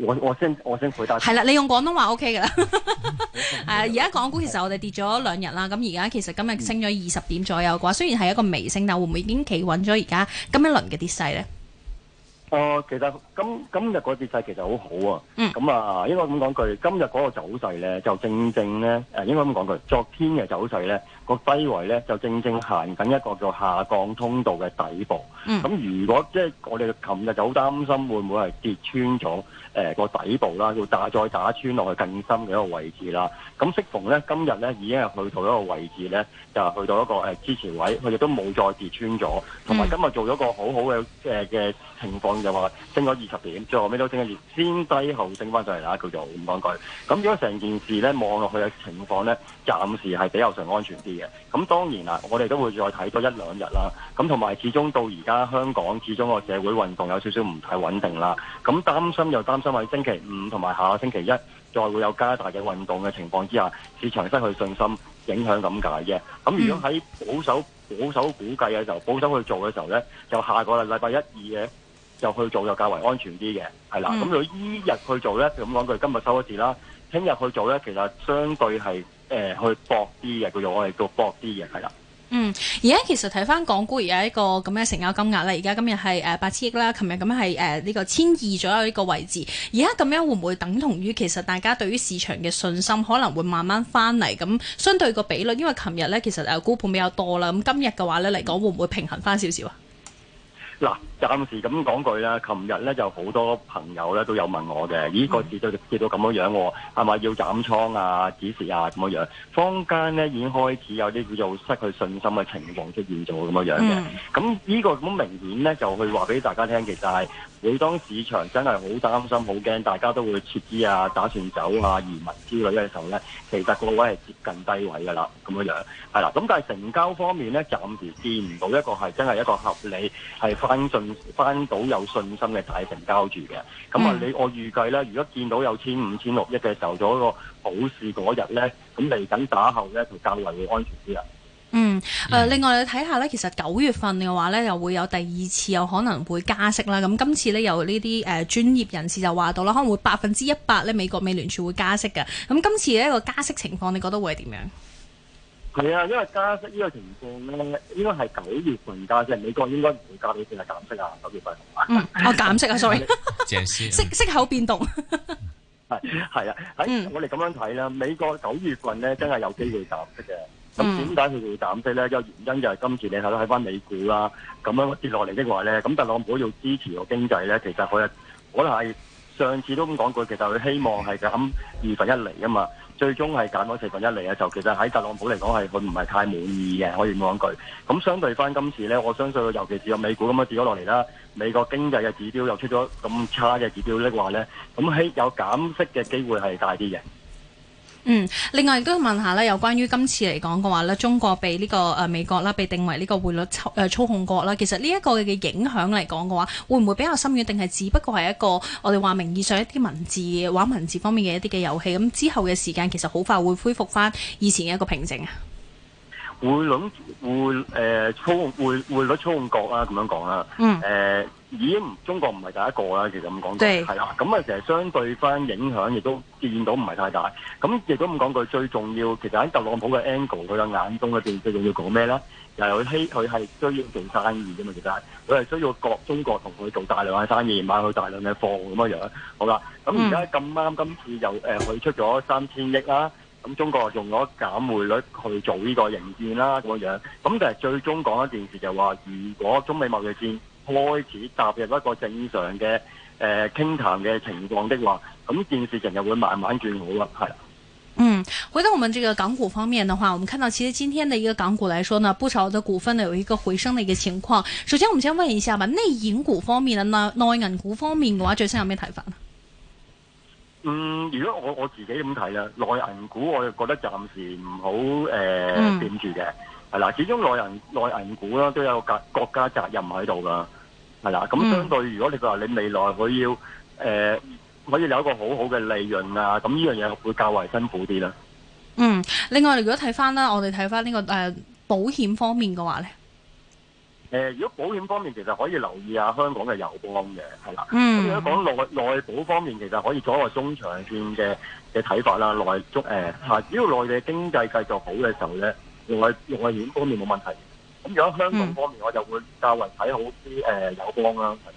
我我先我先回答。係啦，你用廣東話 OK 噶啦。係啊，而家港股其實我哋跌咗兩日啦，咁而家其實今日升咗二十點左右嘅話，雖然係一個微升，但會唔會已經企穩咗而家今一輪嘅跌勢咧？哦、呃，其實今今日個跌勢其實好好啊，咁、um, 啊，應該咁講句，今日嗰個走勢咧，就正正咧，誒、呃、應該咁講句，昨天嘅走勢咧，個低位咧就正正行緊一個叫下降通道嘅底部。咁、um, 如果即係我哋琴日就好擔心會唔會係跌穿咗誒個底部啦，要打再打穿落去更深嘅一個位置啦。咁適逢咧今日咧已經係去到一個位置咧，就去到一個誒支持位，佢亦都冇再跌穿咗，同埋今日做咗個好好嘅誒嘅情況。呃呃呃就話升咗二十點，最後尾都升咗二十點，先低後升翻上嚟啦。叫做咁講句。咁如果成件事咧望落去嘅情況咧，暫時係比較上安全啲嘅。咁當然啦，我哋都會再睇多一兩日啦。咁同埋始終到而家香港始終個社會運動有少少唔太穩定啦。咁擔心又擔心喺星期五同埋下個星期一再會有加大嘅運動嘅情況之下，市場失去信心，影響咁解嘅。咁如果喺保守保守估計嘅時候，保守去做嘅時候咧，就下個禮拜一、二嘅。就去做就較為安全啲嘅，係啦。咁、嗯、如果依日去做咧，咁講句，今日收一字啦。聽日去做咧，其實相對係誒、呃、去搏啲嘅，叫做我哋叫搏啲嘅，係啦。嗯，而家其實睇翻港股而家一個咁嘅成交金額啦，而家今日係誒八千億啦，琴日咁樣係呢個千二左右呢個位置。而家咁樣會唔會等同於其實大家對於市場嘅信心可能會慢慢翻嚟？咁相對個比率，因為琴日咧其實誒、呃、沽盤比較多啦。咁今日嘅話咧嚟講，會唔會平衡翻少少啊？嗯嗱，暫時咁講句啦。琴日咧就好多朋友咧都有問我嘅，依個跌到跌到咁樣樣，係、哦、咪要減倉啊、止蝕啊咁樣樣？坊間咧已經開始有啲叫做失去信心嘅情況出現咗咁樣樣嘅。咁、嗯、呢個咁明顯咧，就去話俾大家聽，其實係。每當市場真係好擔心、好驚，大家都會撤資啊、打算走啊、移民之類嘅時候呢，其實個位係接近低位㗎啦，咁樣樣係啦。咁但係成交方面呢，暫時見唔到一個係真係一個合理係翻進翻到有信心嘅大成交住嘅。咁啊，你我預計呢，如果見到有千五千六億嘅時候，做一個好市嗰日呢，咁嚟緊打後呢，就較為會安全啲啦。嗯，誒、呃，另外你睇下咧，其實九月份嘅話咧，又會有第二次有可能會加息啦。咁今次咧，有呢啲誒專業人士就話到啦，可能會百分之一百咧，美國美聯儲會加息嘅。咁今次呢個加息情況，你覺得會係點樣？係啊、嗯，因為加息呢個情況咧，應該係九月份加息。美國應該唔會加息，淨係減息啊？九月份係嘛？啊、嗯，我、啊、減息啊，sorry。 息口變動係係啊，喺、嗯 哎、我哋咁樣睇啦，美國九月份呢，真係有機會減息嘅。咁點解佢會減息咧？一個原因就係今次你睇到喺翻美股啦，咁樣跌落嚟的話咧，咁特朗普要支持個經濟咧，其實佢可能係上次都咁講過，其實佢希望係減二分一厘啊嘛，最終係減咗四分一厘。啊，就其實喺特朗普嚟講係佢唔係太滿意嘅，可以咁講句。咁相對翻今次咧，我相信尤其是有美股咁樣跌咗落嚟啦，美國經濟嘅指標又出咗咁差嘅指標的話咧，咁喺有減息嘅機會係大啲嘅。嗯，另外亦都問下咧，有關於今次嚟講嘅話咧，中國被呢、這個誒、呃、美國啦，被定為呢個匯率操誒操控國啦，其實呢一個嘅影響嚟講嘅話，會唔會比較深遠？定係只不過係一個我哋話名義上一啲文字玩文字方面嘅一啲嘅遊戲？咁、嗯、之後嘅時間其實好快會恢復翻以前嘅一個平靜啊。匯率匯誒操匯匯率操控國啊，咁樣講啦。嗯。誒已經中國唔係第一個啦，其實咁講。對。係啦，咁啊，其實，對、啊、其實相對翻影響亦都見到唔係太大。咁亦都咁講句，最重要其實喺特朗普嘅 angle，佢嘅眼中嘅最最重要講咩咧？又係希佢係需要做生意啫嘛，其實係佢係需要國中國同佢做大量嘅生意，買佢大量嘅貨咁嘅樣。好啦，咁而家咁啱今次又誒佢、呃、出咗三千億啦、啊。咁中國用咗減匯率去做呢個營建啦，咁樣，咁但係最終講一件事就係話，如果中美貿易戰開始踏入一個正常嘅誒傾談嘅情況的話，咁件事就會慢慢轉好咯，係啦。嗯，回到我們這個港股方面的話，我們看到其實今天的一個港股來說呢，不少的股份呢有一個回升的一個情況。首先，我們先問一下吧，內影股方面呢，內銀股方面嘅話，最新有咩睇法？嗯，如果我我自己咁睇啦，內銀股我就覺得暫時唔好誒掂住嘅，係啦，始終內銀內銀股啦都有個國家責任喺度噶，係啦，咁相對，如果你話你未來佢要誒、呃、可以有一個好好嘅利潤啊，咁呢樣嘢會較為辛苦啲啦。嗯，另外如果睇翻啦，我哋睇翻呢個誒、呃、保險方面嘅話咧。誒、呃，如果保險方面，其實可以留意下香港嘅友邦嘅，係啦。咁、嗯、如果講內內保方面，其實可以做個中長線嘅嘅睇法啦。內足誒，係、呃、只要內地經濟繼續好嘅時候咧，用外用外險方面冇問題。咁如果香港方面，嗯、我就會較為睇好啲誒友邦啦。呃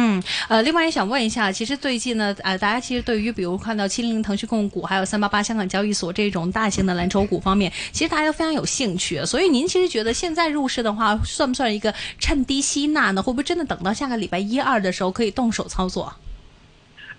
嗯，誒、呃，另外也想問一下，其實最近呢，誒、呃，大家其實對於，比如看到七零零騰訊控股，還有三八八香港交易所這種大型的藍籌股方面，其實大家都非常有興趣。所以您其實覺得現在入市的話，算不算一個趁低吸納呢？會不會真的等到下個禮拜一二的時候可以動手操作？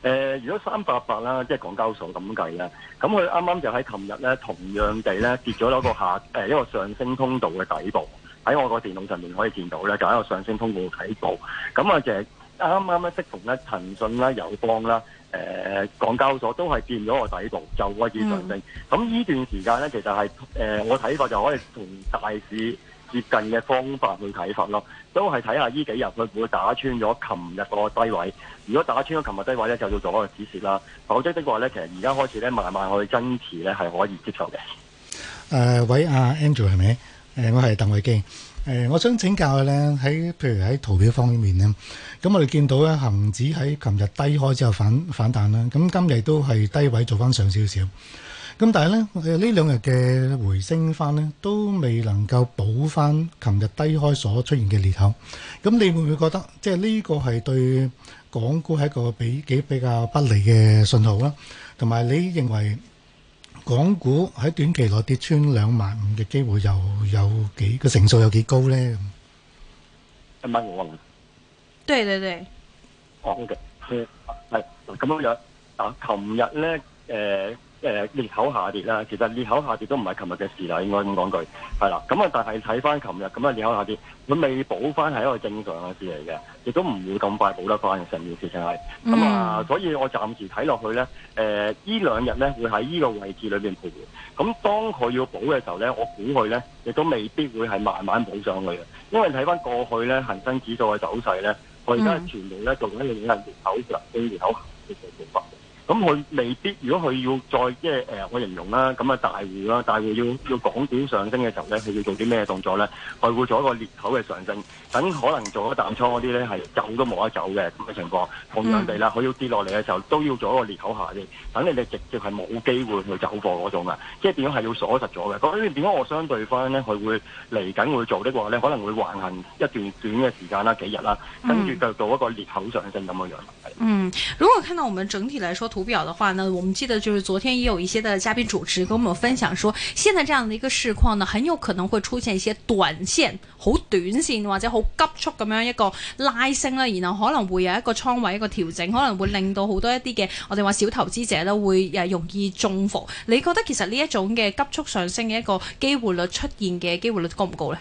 誒、呃，如果三八八啦，即係港交所咁計啦，咁佢啱啱就喺琴日呢同樣地呢跌咗一個下，誒、呃、一個上升通道嘅底部，喺我個電腦上面可以見到呢，就喺個上升通道嘅底部，咁啊就是。啱啱咧，即同咧，騰訊啦、友邦啦、誒港交所都係變咗個底部，就開始上升。咁呢、嗯、段時間咧，其實係誒、呃、我睇法就可以同大市接近嘅方法去睇法咯。都係睇下呢幾日會唔會打穿咗琴日個低位。如果打穿咗琴日低位咧，就要做咗個指示啦。否則的話咧，其實而家開始咧，慢慢去增持咧，係可以接受嘅。誒、呃，喂阿 Angie 係咪？誒、啊呃，我係鄧偉基。誒，我想請教嘅咧，喺譬如喺圖表方面咧，咁我哋見到咧，恆指喺琴日低開之後反反彈啦，咁今日都係低位做翻上少少，咁但係咧，誒呢兩日嘅回升翻咧，都未能夠補翻琴日低開所出現嘅裂口，咁你會唔會覺得，即係呢個係對港股係一個比幾比較不利嘅信號啦？同埋你認為，港股喺短期內跌穿兩萬五嘅機會又有幾個成數有幾高呢？一蚊我啊，對對對，講嘅，係係咁樣樣。啊，琴日咧，誒。誒裂、呃、口下跌啦，其實裂口下跌都唔係琴日嘅事啦，應該咁講句，係啦。咁啊，但係睇翻琴日咁啊裂口下跌，佢未補翻，係一個正常嘅事嚟嘅，亦都唔會咁快補得翻嘅成件事情係。咁、嗯、啊，所以我暫時睇落去咧，誒、呃、呢兩日咧會喺呢個位置裏邊徘徊。咁當佢要補嘅時候咧，我估佢咧亦都未必會係慢慢補上去嘅，因為你睇翻過去咧恒生指數嘅走勢咧，我而家係全部咧仲喺度引領裂口上，跟裂口下嘅做法。咁佢未必，如果佢要再即係誒，我形容啦，咁啊大戶啦，大戶要要港股上升嘅時候咧，佢要做啲咩動作咧？佢會做一個裂口嘅上升，等可能做一個淡倉嗰啲咧係走都冇得走嘅咁嘅情況，同樣地啦，佢要跌落嚟嘅時候都要做一個裂口下跌，等你哋直接係冇機會去走貨嗰種啦，即係變咗係要鎖實咗嘅。咁呢點解我相對翻咧，佢會嚟緊會做嘅話咧，可能會橫行一段短嘅時間啦，幾日啦，跟住就做一個裂口上升咁嘅樣。嗯，如果看到我們整體嚟說，圖表的話呢，我們記得就是昨天也有一些的嘉賓主持跟我們分享說，說現在這樣的一個市況呢，很有可能會出現一些短線、好短線或者好急速咁樣一個拉升啦，然後可能會有一個倉位一個調整，可能會令到好多一啲嘅我哋話小投資者咧會誒、啊、容易中伏。你覺得其實呢一種嘅急速上升嘅一個機會率出現嘅機會率高唔高呢？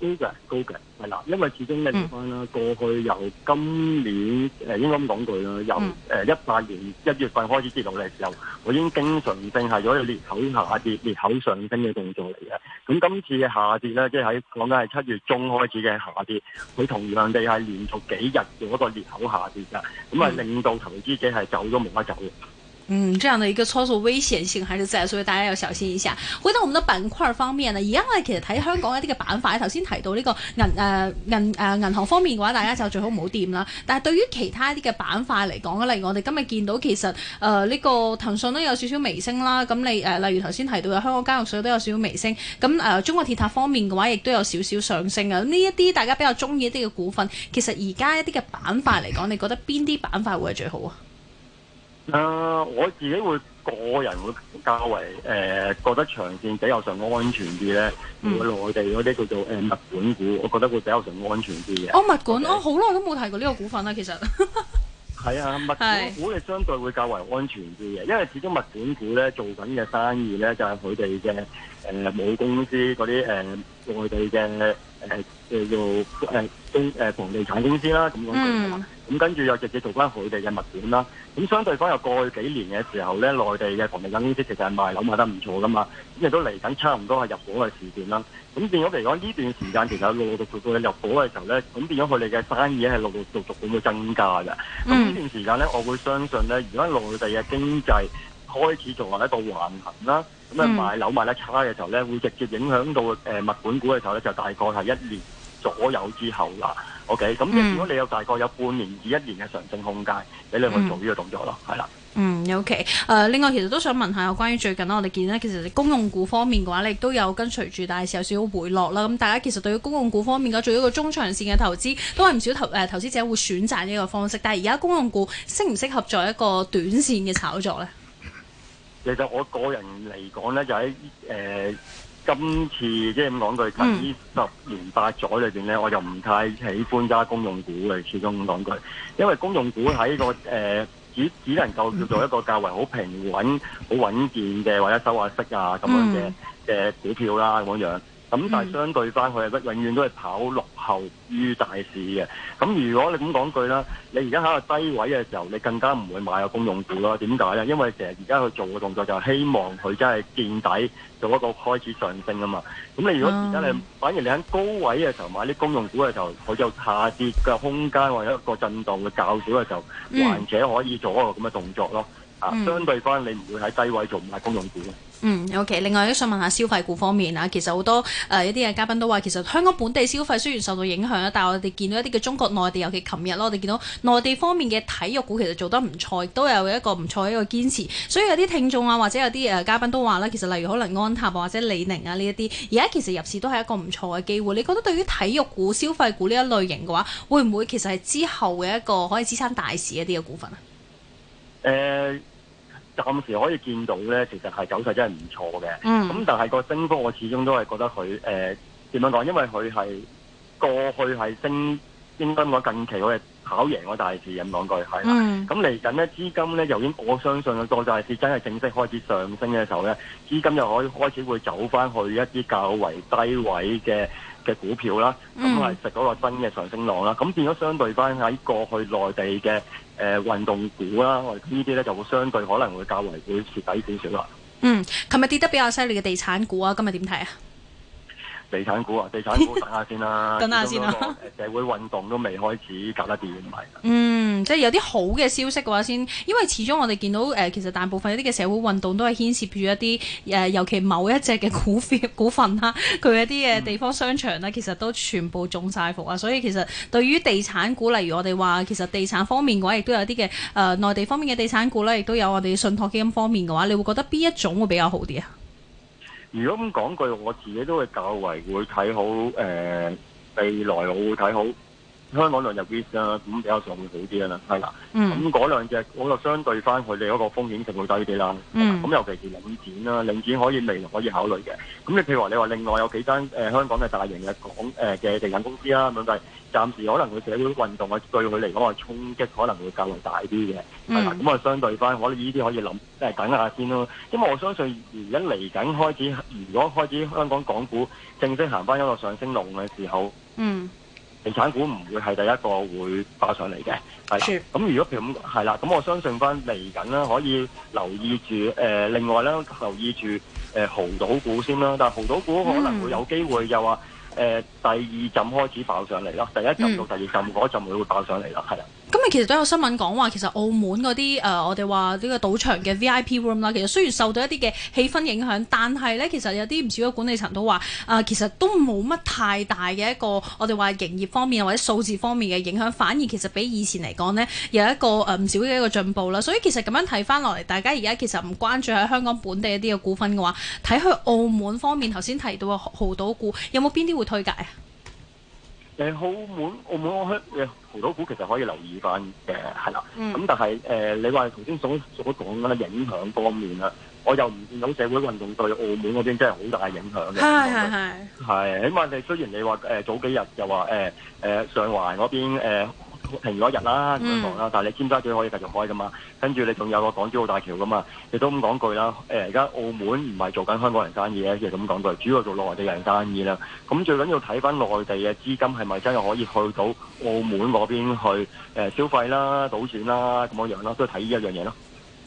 高嘅，高嘅，係啦，因為始終咩地方啦？嗯、過去由今年誒、呃、應該咁講句啦，由誒、嗯呃、一八年一月份開始跌落嚟之後，我已經經常性係有啲裂口下跌、裂口上升嘅動作嚟嘅。咁今次嘅下跌咧，即係喺講緊係七月中開始嘅下跌，佢同樣地係連續幾日嘅一個裂口下跌嘅，咁啊、嗯嗯、令到投資者係走都冇乜走嘅。嗯，這樣的一個操作危險性還是在，所以大家要小心一下。回到我們的板塊方面呢，而家我哋其實睇香港一啲嘅板塊，頭先提到呢個銀誒、呃、銀誒、呃、銀行方面嘅話，大家就最好唔好掂啦。但係對於其他一啲嘅板塊嚟講，例如我哋今日見到其實誒呢、呃這個騰訊都有少少微升啦，咁你誒、呃、例如頭先提到嘅香港交易所都有少少微升，咁誒、呃、中國鐵塔方面嘅話，亦都有少少上升啊。呢一啲大家比較中意一啲嘅股份，其實而家一啲嘅板塊嚟講，你覺得邊啲板塊會係最好啊？啊、呃、我自己會個人會較為誒、呃、覺得長線比較上安全啲咧，如果內地嗰啲叫做誒、呃、物管股，我覺得會比較上安全啲嘅。哦，物管，我 Okay.、啊、好耐都冇睇過呢個股份啦，其實。係 啊，物管股嘅是相對會較為安全啲嘅，因為始終物管股咧做緊嘅生意咧就係佢哋嘅誒母公司嗰啲誒。呃內地嘅誒誒做誒公房地產公司啦，咁樣講咁跟住又直接做翻佢哋嘅物管啦。咁相對方又過去幾年嘅時候咧，內地嘅房地產公司其實係賣樓賣得唔錯噶嘛？咁亦都嚟緊差唔多係入伙嘅時段啦。咁變咗嚟講呢段時間其實陸陸續續咧入伙嘅時候咧，咁變咗佢哋嘅生意係陸陸續續咁樣增加嘅。咁呢段時間咧，我會相信咧，而家內地嘅經濟開始做係喺度橫行啦。咁樣買樓買得差嘅時候咧，會直接影響到誒、呃、物管股嘅時候咧，就大概係一年左右之後啦。OK，咁如果你有大概有半年至一年嘅上升空間，俾你去做呢個動作咯，係啦、嗯。了嗯，OK。誒、呃，另外其實都想問下，關於最近咧，我哋見咧，其實公用股方面嘅話，你亦都有跟隨住大市有少少回落啦。咁大家其實對於公用股方面嘅做一個中長線嘅投資，都係唔少投誒、呃、投資者會選擇呢個方式。但係而家公用股適唔適合做一個短線嘅炒作咧？其實我個人嚟講咧，就喺誒、呃、今次即係咁講句，近呢、嗯、十年八載裏邊咧，我就唔太喜歡揸公用股嘅，始終咁講句，因為公用股喺個誒、呃、只只能夠叫做一個較為好平穩、好穩健嘅，或者收下息啊咁樣嘅嘅股票啦咁樣。咁、嗯、但係相對翻佢係永遠都係跑落後於大市嘅。咁如果你咁講句啦，你而家喺個低位嘅時候，你更加唔會買個公用股咯。點解咧？因為成日而家去做嘅動作就係希望佢真係見底，做一個開始上升啊嘛。咁你如果而家你、嗯、反而你喺高位嘅時候買啲公用股嘅時候，佢有下跌嘅空間或者一個震盪嘅較少嘅時候，或者可以做一個咁嘅動作咯。嗯、相對翻你唔會喺低位做唔係公用股嘅。嗯，OK。另外都想問下消費股方面啊，其實好多誒、呃、一啲嘅嘉賓都話，其實香港本地消費雖然受到影響啊，但係我哋見到一啲嘅中國內地，尤其琴日咯，我哋見到內地方面嘅體育股其實做得唔錯，都有一個唔錯嘅一個堅持。所以有啲聽眾啊，或者有啲誒、呃、嘉賓都話咧，其實例如可能安踏或者李寧啊呢一啲，而家其實入市都係一個唔錯嘅機會。你覺得對於體育股、消費股呢一類型嘅話，會唔會其實係之後嘅一個可以支撐大市一啲嘅股份啊？誒、呃。暫時可以見到咧，其實係走勢真係唔錯嘅。嗯，咁但係個升幅我始終都係覺得佢誒點樣講？因為佢係過去係升，應該講近期我哋跑贏個大市，咁講句係啦。嗯，咁嚟緊咧資金咧由於我相信個個大市真係正式開始上升嘅時候咧，資金又可以開始會走翻去一啲較為低位嘅嘅股票啦。嗯，咁嚟食嗰個新嘅上升浪啦。咁變咗相對翻喺過去內地嘅。誒運動股啦，呢啲咧就會相對可能會較為會蝕底少少啦。嗯，琴日跌得比較犀利嘅地產股啊，今日點睇啊？地產股啊，地產股等下先啦，啊， 等下先啦，啊。社會運動都未開始隔，搞得掂唔係？嗯，即係有啲好嘅消息嘅話先，因為始終我哋見到誒、呃，其實大部分一啲嘅社會運動都係牽涉住一啲誒、呃，尤其某一隻嘅股股份啦，佢一啲嘅地方商場呢，其實都全部中晒伏啊。所以其實對於地產股，例如我哋話，其實地產方面嘅話，亦都有啲嘅誒，內、呃、地方面嘅地產股啦，亦都有我哋信託基金方面嘅話，你會覺得邊一種會比較好啲啊？如果咁講句，我自己都會較為會睇好，誒、呃、未來我會睇好。香港兩日跌啦，咁比較上會好啲啦，係啦。咁嗰、嗯、兩隻，我就相對翻佢哋嗰個風險性會低啲啦。咁、嗯、尤其是領展啦，領展可以未來可以考慮嘅。咁你譬如話，你話另外有幾間誒、呃、香港嘅大型嘅港誒嘅、呃、地產公司啦，咁但係暫時可能會睇到運動，對佢嚟講話衝擊可能會較為大啲嘅。係啦、嗯、咁我相對翻，我能依啲可以諗，即係等一下先咯。因為我相信而家嚟緊開始，如果開始香港港股正式行翻一個上升浪嘅時候，嗯。地產股唔會係第一個會爆上嚟嘅，係啦。咁、嗯嗯、如果譬如咁係啦，咁我相信翻嚟緊啦，可以留意住誒、呃，另外咧留意住誒，濠、呃、賭股先啦。但係濠賭股可能會有機會又話誒，第二浸開始爆上嚟啦，第一浸到第二浸嗰浸會爆上嚟啦，係啦。今日其實都有新聞講話，其實澳門嗰啲誒，我哋話呢個賭場嘅 VIP room 啦，其實雖然受到一啲嘅氣氛影響，但係呢，其實有啲唔少嘅管理層都話，啊、呃，其實都冇乜太大嘅一個，我哋話營業方面或者數字方面嘅影響，反而其實比以前嚟講呢，有一個誒、呃，唔少嘅一個進步啦。所以其實咁樣睇翻落嚟，大家而家其實唔關注喺香港本地一啲嘅股份嘅話，睇去澳門方面頭先提到嘅濠賭股，有冇邊啲會推介啊？誒、嗯、澳門，澳門我香誒葡萄股其實可以留意翻嘅，係啦。咁、嗯、但係誒、呃，你話頭先所所講緊嘅影響方面啦，我又唔見到社會運動對澳門嗰邊真係好大影響嘅。係係係。係，起碼你雖然你話誒、呃、早幾日就話誒誒上環嗰邊、呃停咗一日啦，咁樣講啦，但係你尖沙咀可以繼續開噶嘛？跟住你仲有個港珠澳大橋噶嘛？亦都咁講句啦。誒，而家澳門唔係做緊香港人生意，其實咁講句，主要做內地人生意啦。咁最緊要睇翻內地嘅資金係咪真係可以去到澳門嗰邊去誒消費啦、賭錢啦咁樣咯，都係睇呢一樣嘢咯。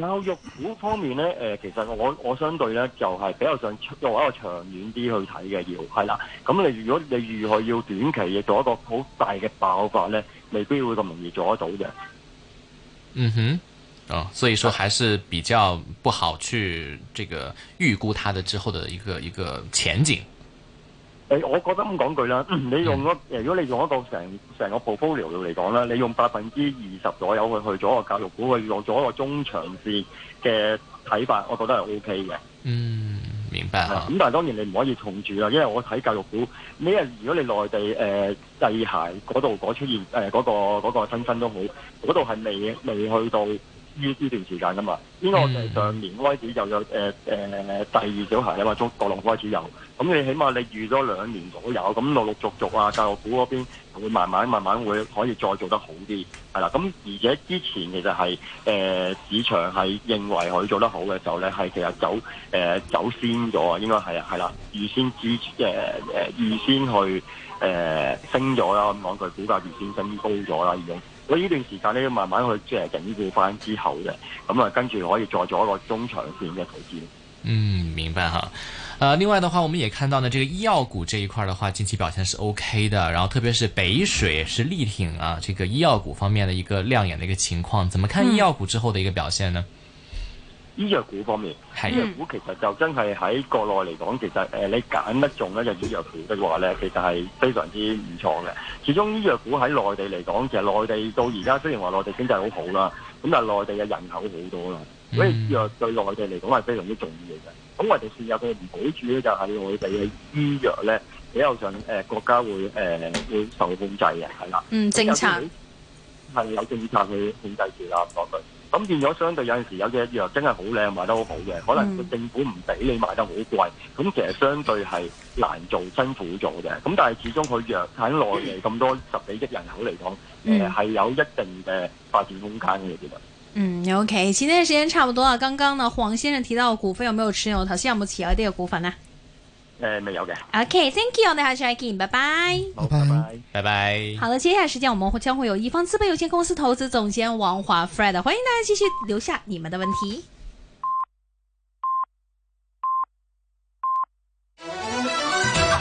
教育股方面咧，誒、呃，其實我我相對咧，就係、是、比較想用一一做一個長遠啲去睇嘅要，係啦。咁你如果你如何要短期嘅做一個好大嘅爆發咧，未必會咁容易做得到嘅。嗯哼，啊、哦，所以說，還是比較不好去這個預估它的之後的一個一個前景。誒，我覺得咁講句啦、嗯，你用嗰誒，如果你用一個成成個 portfolio 嚟講啦，你用百分之二十左右去去咗個教育股去用咗個中長線嘅睇法，我覺得係 OK 嘅。嗯，明白嚇。咁、嗯、但係當然你唔可以重注啦，因為我睇教育股你一，如果你內地誒製鞋嗰度嗰出現誒嗰、呃嗰個嗰、嗰個新新都好，嗰度係未未去到。依呢段時間㗎嘛，應該我哋上年開始就有誒誒、呃、第二小孩啊嘛，中國龍開始有，咁、嗯、你起碼你預咗兩年左右，咁陸陸續續啊，教育股嗰邊會慢慢慢慢會可以再做得好啲，係啦，咁而且之前其實係誒、呃、市場係認為佢做得好嘅時候咧，係其實走誒、呃、走先咗，應該係啊，係啦，預先支誒誒預先去誒、呃、升咗啦，咁講佢股價預先升高咗啦，已經。所以呢段時間要慢慢去接近呢段翻之後嘅，咁啊跟住可以再做一個中長線嘅投資。嗯，明白哈。誒、呃，另外的話，我們也看到呢，這個醫藥股這一塊的話，近期表現是 OK 的。然後特別是北水是力挺啊，這個醫藥股方面嘅一個亮眼嘅一個情況。怎麼看醫藥股之後嘅一個表現呢？嗯醫藥股方面，醫藥股其實就真係喺國內嚟講，其實誒、呃，你揀得中一就醫藥股嘅話咧，其實係非常之唔錯嘅。始終醫藥股喺內地嚟講，其實內地到而家雖然話內地經濟好好啦，咁但係內地嘅人口好多啦，所以醫藥對內地嚟講係非常之重要嘅。咁我哋算有佢唔好處咧，就係內地嘅醫藥咧，比較上誒，國家會誒、呃、會受控制嘅，係啦、嗯，政策係有，有，有政策去控制住啦、啊，講句。咁、嗯、變咗相對有陣時有隻藥真係好靚賣得好好嘅，嗯、可能個政府唔俾你賣得好貴，咁其實相對係難做辛苦做嘅，咁但係始終佢藥喺內地咁多十幾億人口嚟講，誒、呃、係、嗯、有一定嘅發展空間嘅、嗯，其實。嗯，OK，時間時間差唔多啦。剛剛呢黃先生提到股份，有冇有持有頭先有冇持有啲嘅股份呢？誒，未有嘅。 OK，thank、okay, you，你好 s h i r 拜拜。拜拜，拜拜。好了，接下來時間我們會將會有一方資本有限公司投資總監王華 Fred，歡迎大家繼續留下你們的問題。